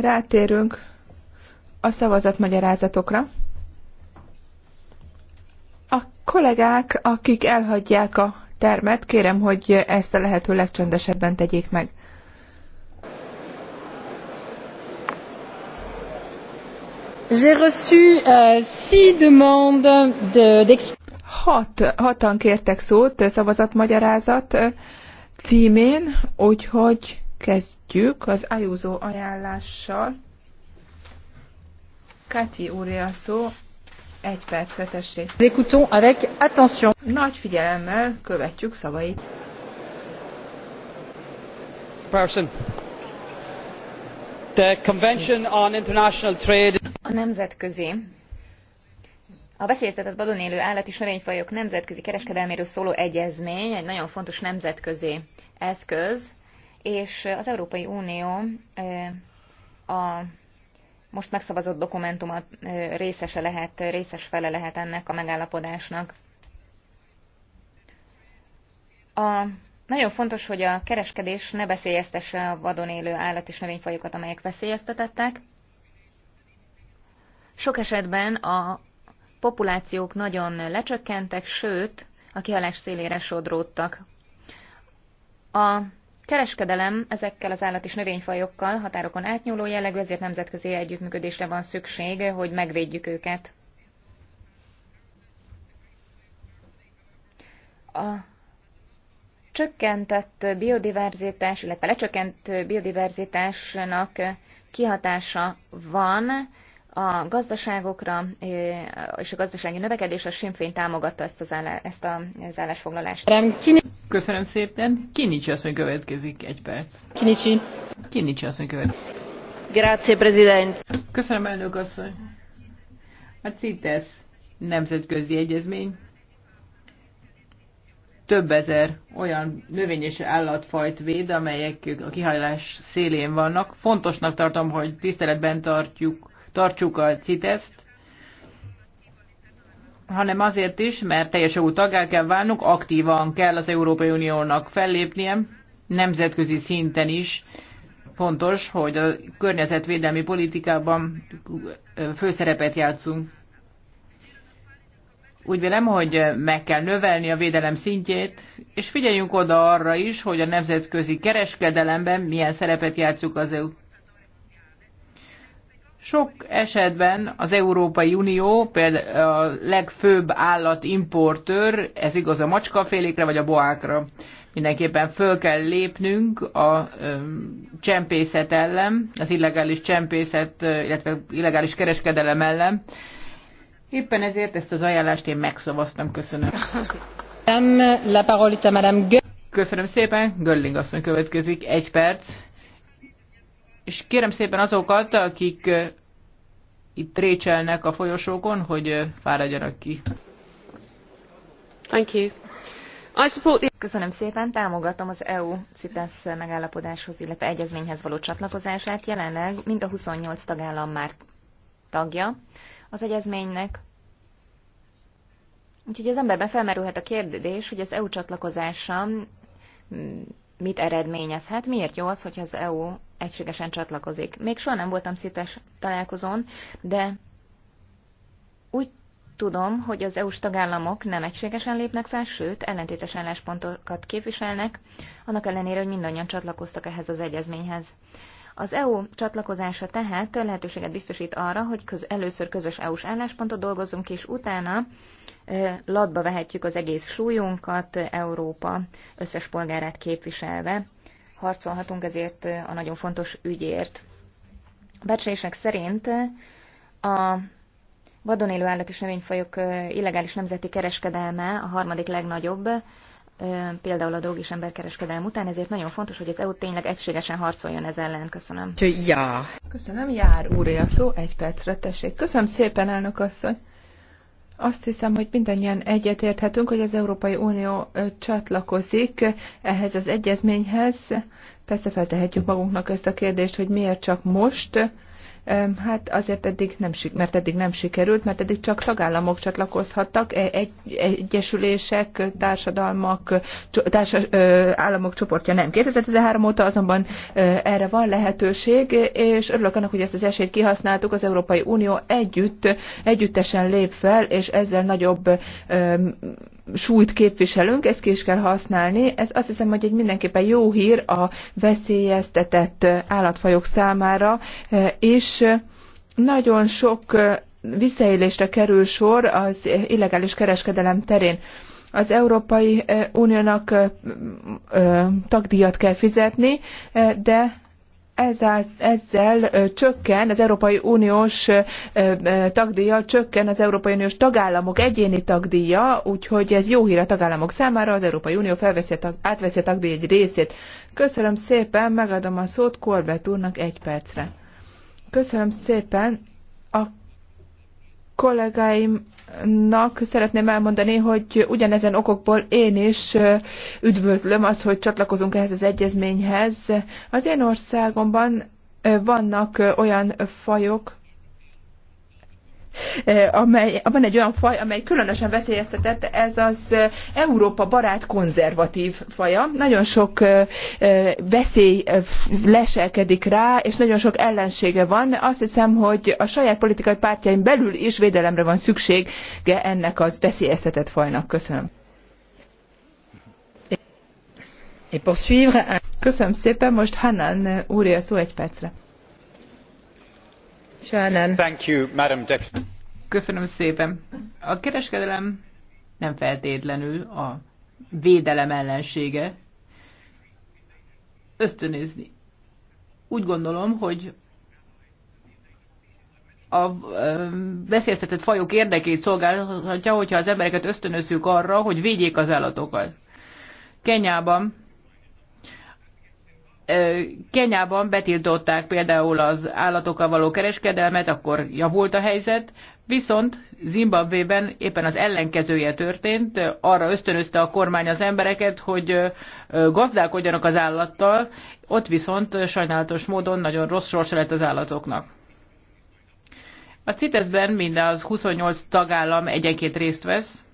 Rátérünk a szavazatmagyarázatokra. A kollégák, akik elhagyják a termet, kérem, hogy ezt a lehető legcsendesebben tegyék meg. J'ai reçu euh, six demandes de, Hat, hatan kértek szót szavazatmagyarázat címén, úgyhogy Kezdjük az Ajúzó ajánlással. Kati úrja szó, egy percre tessék. Écoutons avec attention. Nagy figyelemmel követjük szavait. Person. The Convention on International Trade. A nemzetközi a veszélyeztetett vadon élő állat és növényfajok nemzetközi kereskedelméről szóló egyezmény egy nagyon fontos nemzetközi eszköz, és az Európai Unió a most megszavazott dokumentumot részese lehet, részes fele lehet ennek a megállapodásnak. A, nagyon fontos, hogy a kereskedés ne veszélyeztesse a vadon élő állat és növényfajokat, amelyek veszélyeztetettek. Sok esetben a populációk nagyon lecsökkentek, sőt, a kihalás szélére sodródtak. A kereskedelem ezekkel az állat- és növényfajokkal határokon átnyúló jellegű, ezért nemzetközi együttműködésre van szükség, hogy megvédjük őket. A csökkentett biodiverzitás, illetve lecsökkent biodiverzitásnak kihatása van a gazdaságokra, eh, és a gazdasági növekedés a Sinfény támogatta ezt az, állá, ezt az állásfoglalást. Köszönöm szépen. Kinicsi asszony következik egy perc. Kinicsi. Kinicsi asszony következik. Grazie, President. Köszönöm, elnök asszony. A CITES nemzetközi egyezmény több ezer olyan növény és állatfajt véd, amelyek a kihajlás szélén vannak. Fontosnak tartom, hogy tiszteletben tartjuk tartsuk a CITES-t, hanem azért is, mert teljes jogú taggá kell válnunk, aktívan kell az Európai Uniónak fellépnie, nemzetközi szinten is fontos, hogy a környezetvédelmi politikában főszerepet játszunk. Úgy vélem, hogy meg kell növelni a védelem szintjét, és figyeljünk oda arra is, hogy a nemzetközi kereskedelemben milyen szerepet játszunk az EU. Sok esetben az Európai Unió például a legfőbb állatimportőr, ez igaz a macskafélékre vagy a boákra. Mindenképpen föl kell lépnünk a csempészet ellen, az illegális csempészet, illetve illegális kereskedelem ellen. Éppen ezért ezt az ajánlást én megszavaztam. Köszönöm. Köszönöm szépen. Gölling asszony következik. Egy perc és kérem szépen azokat, akik itt récselnek a folyosókon, hogy fáradjanak ki. Thank you. Köszönöm szépen, támogatom az EU CITES megállapodáshoz, illetve egyezményhez való csatlakozását. Jelenleg mind a 28 tagállam már tagja az egyezménynek. Úgyhogy az emberben felmerülhet a kérdés, hogy az EU csatlakozása mit eredményezhet, miért jó az, hogyha az EU egységesen csatlakozik. Még soha nem voltam CITES találkozón, de úgy tudom, hogy az EU-s tagállamok nem egységesen lépnek fel, sőt, ellentétes álláspontokat képviselnek, annak ellenére, hogy mindannyian csatlakoztak ehhez az egyezményhez. Az EU csatlakozása tehát lehetőséget biztosít arra, hogy köz, először közös EU-s álláspontot dolgozzunk, és utána e, latba vehetjük az egész súlyunkat Európa összes polgárát képviselve harcolhatunk ezért a nagyon fontos ügyért. Becslések szerint a vadon élő állat és növényfajok illegális nemzeti kereskedelme a harmadik legnagyobb, például a drog és emberkereskedelem után, ezért nagyon fontos, hogy az EU tényleg egységesen harcoljon ez ellen. Köszönöm. Ja. Köszönöm, jár úrja a szó egy percre, tessék. Köszönöm szépen, elnök asszony. Azt hiszem, hogy mindannyian egyetérthetünk, hogy az Európai Unió csatlakozik ehhez az egyezményhez. Persze feltehetjük magunknak ezt a kérdést, hogy miért csak most, Hát azért eddig nem, mert eddig nem sikerült, mert eddig csak tagállamok csatlakozhattak, e- egy, egyesülések, társadalmak, társas, államok csoportja nem. 2013 óta azonban erre van lehetőség, és örülök annak, hogy ezt az esélyt kihasználtuk, az Európai Unió együtt, együttesen lép fel, és ezzel nagyobb súlyt képviselünk, ezt ki is kell használni. Ez azt hiszem, hogy egy mindenképpen jó hír a veszélyeztetett állatfajok számára, eh, és eh, nagyon sok eh, visszaélésre kerül sor az illegális kereskedelem terén. Az Európai Uniónak tagdíjat kell fizetni, de ezzel, ezzel csökken az Európai Uniós tagdíja, csökken az Európai Uniós tagállamok egyéni tagdíja, úgyhogy ez jó hír a tagállamok számára, az Európai Unió felveszi a átveszi a tagdíj egy részét. Köszönöm szépen, megadom a szót Korbett úrnak egy percre. Köszönöm szépen, a kollégáim Nak szeretném elmondani, hogy ugyanezen okokból én is üdvözlöm azt, hogy csatlakozunk ehhez az egyezményhez. Az én országomban vannak olyan fajok, amely, van egy olyan faj, amely különösen veszélyeztetett, ez az Európa barát konzervatív faja. Nagyon sok veszély leselkedik rá, és nagyon sok ellensége van. Azt hiszem, hogy a saját politikai pártjain belül is védelemre van szükség ennek az veszélyeztetett fajnak. Köszönöm. Köszönöm szépen, most Hanan úrja szó egy percre. Köszönöm szépen. A kereskedelem nem feltétlenül a védelem ellensége. Ösztönözni. Úgy gondolom, hogy a veszélyeztetett fajok érdekét szolgálhatja, hogyha az embereket ösztönözzük arra, hogy védjék az állatokat. Kenyában Kenyában betiltották például az állatokkal való kereskedelmet, akkor javult a helyzet, viszont Zimbabvében éppen az ellenkezője történt, arra ösztönözte a kormány az embereket, hogy gazdálkodjanak az állattal, ott viszont sajnálatos módon nagyon rossz sorsa lett az állatoknak. A CITES-ben mindaz 28 tagállam egyenként részt vesz,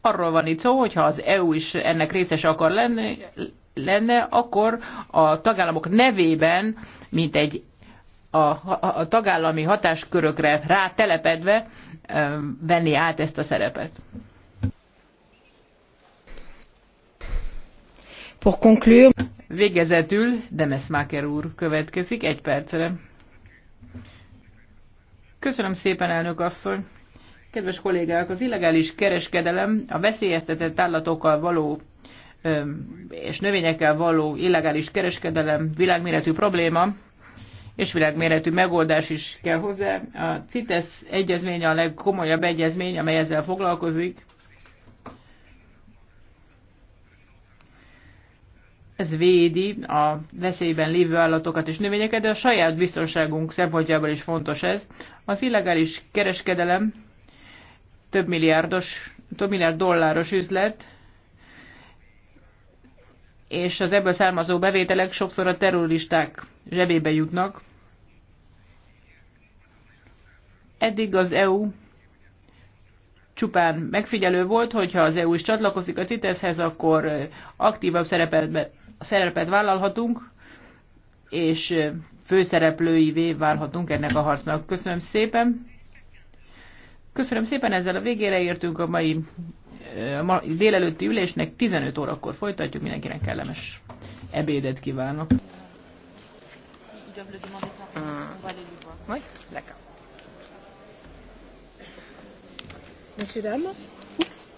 arról van itt szó, hogyha az EU is ennek részes akar lenni, lenne, akkor a tagállamok nevében, mint egy a, a, a tagállami hatáskörökre rátelepedve venni át ezt a szerepet. Pour conclure. Végezetül Demesmaker úr következik egy percre. Köszönöm szépen, elnök asszony! Kedves kollégák, az illegális kereskedelem, a veszélyeztetett állatokkal való és növényekkel való illegális kereskedelem világméretű probléma, és világméretű megoldás is kell hozzá. A CITES egyezmény a legkomolyabb egyezmény, amely ezzel foglalkozik. Ez védi a veszélyben lévő állatokat és növényeket, de a saját biztonságunk szempontjából is fontos ez. Az illegális kereskedelem több milliárdos, több milliárd dolláros üzlet, és az ebből származó bevételek sokszor a terroristák zsebébe jutnak. Eddig az EU csupán megfigyelő volt, hogyha az EU is csatlakozik a CITES-hez, akkor aktívabb szerepet, szerepet vállalhatunk, és főszereplőivé válhatunk ennek a harcnak. Köszönöm szépen! Köszönöm szépen, ezzel a végére értünk a mai ma délelőtti ülésnek 15 órakor folytatjuk, mindenkinek kellemes ebédet kívánok. Oui, d'accord. oups.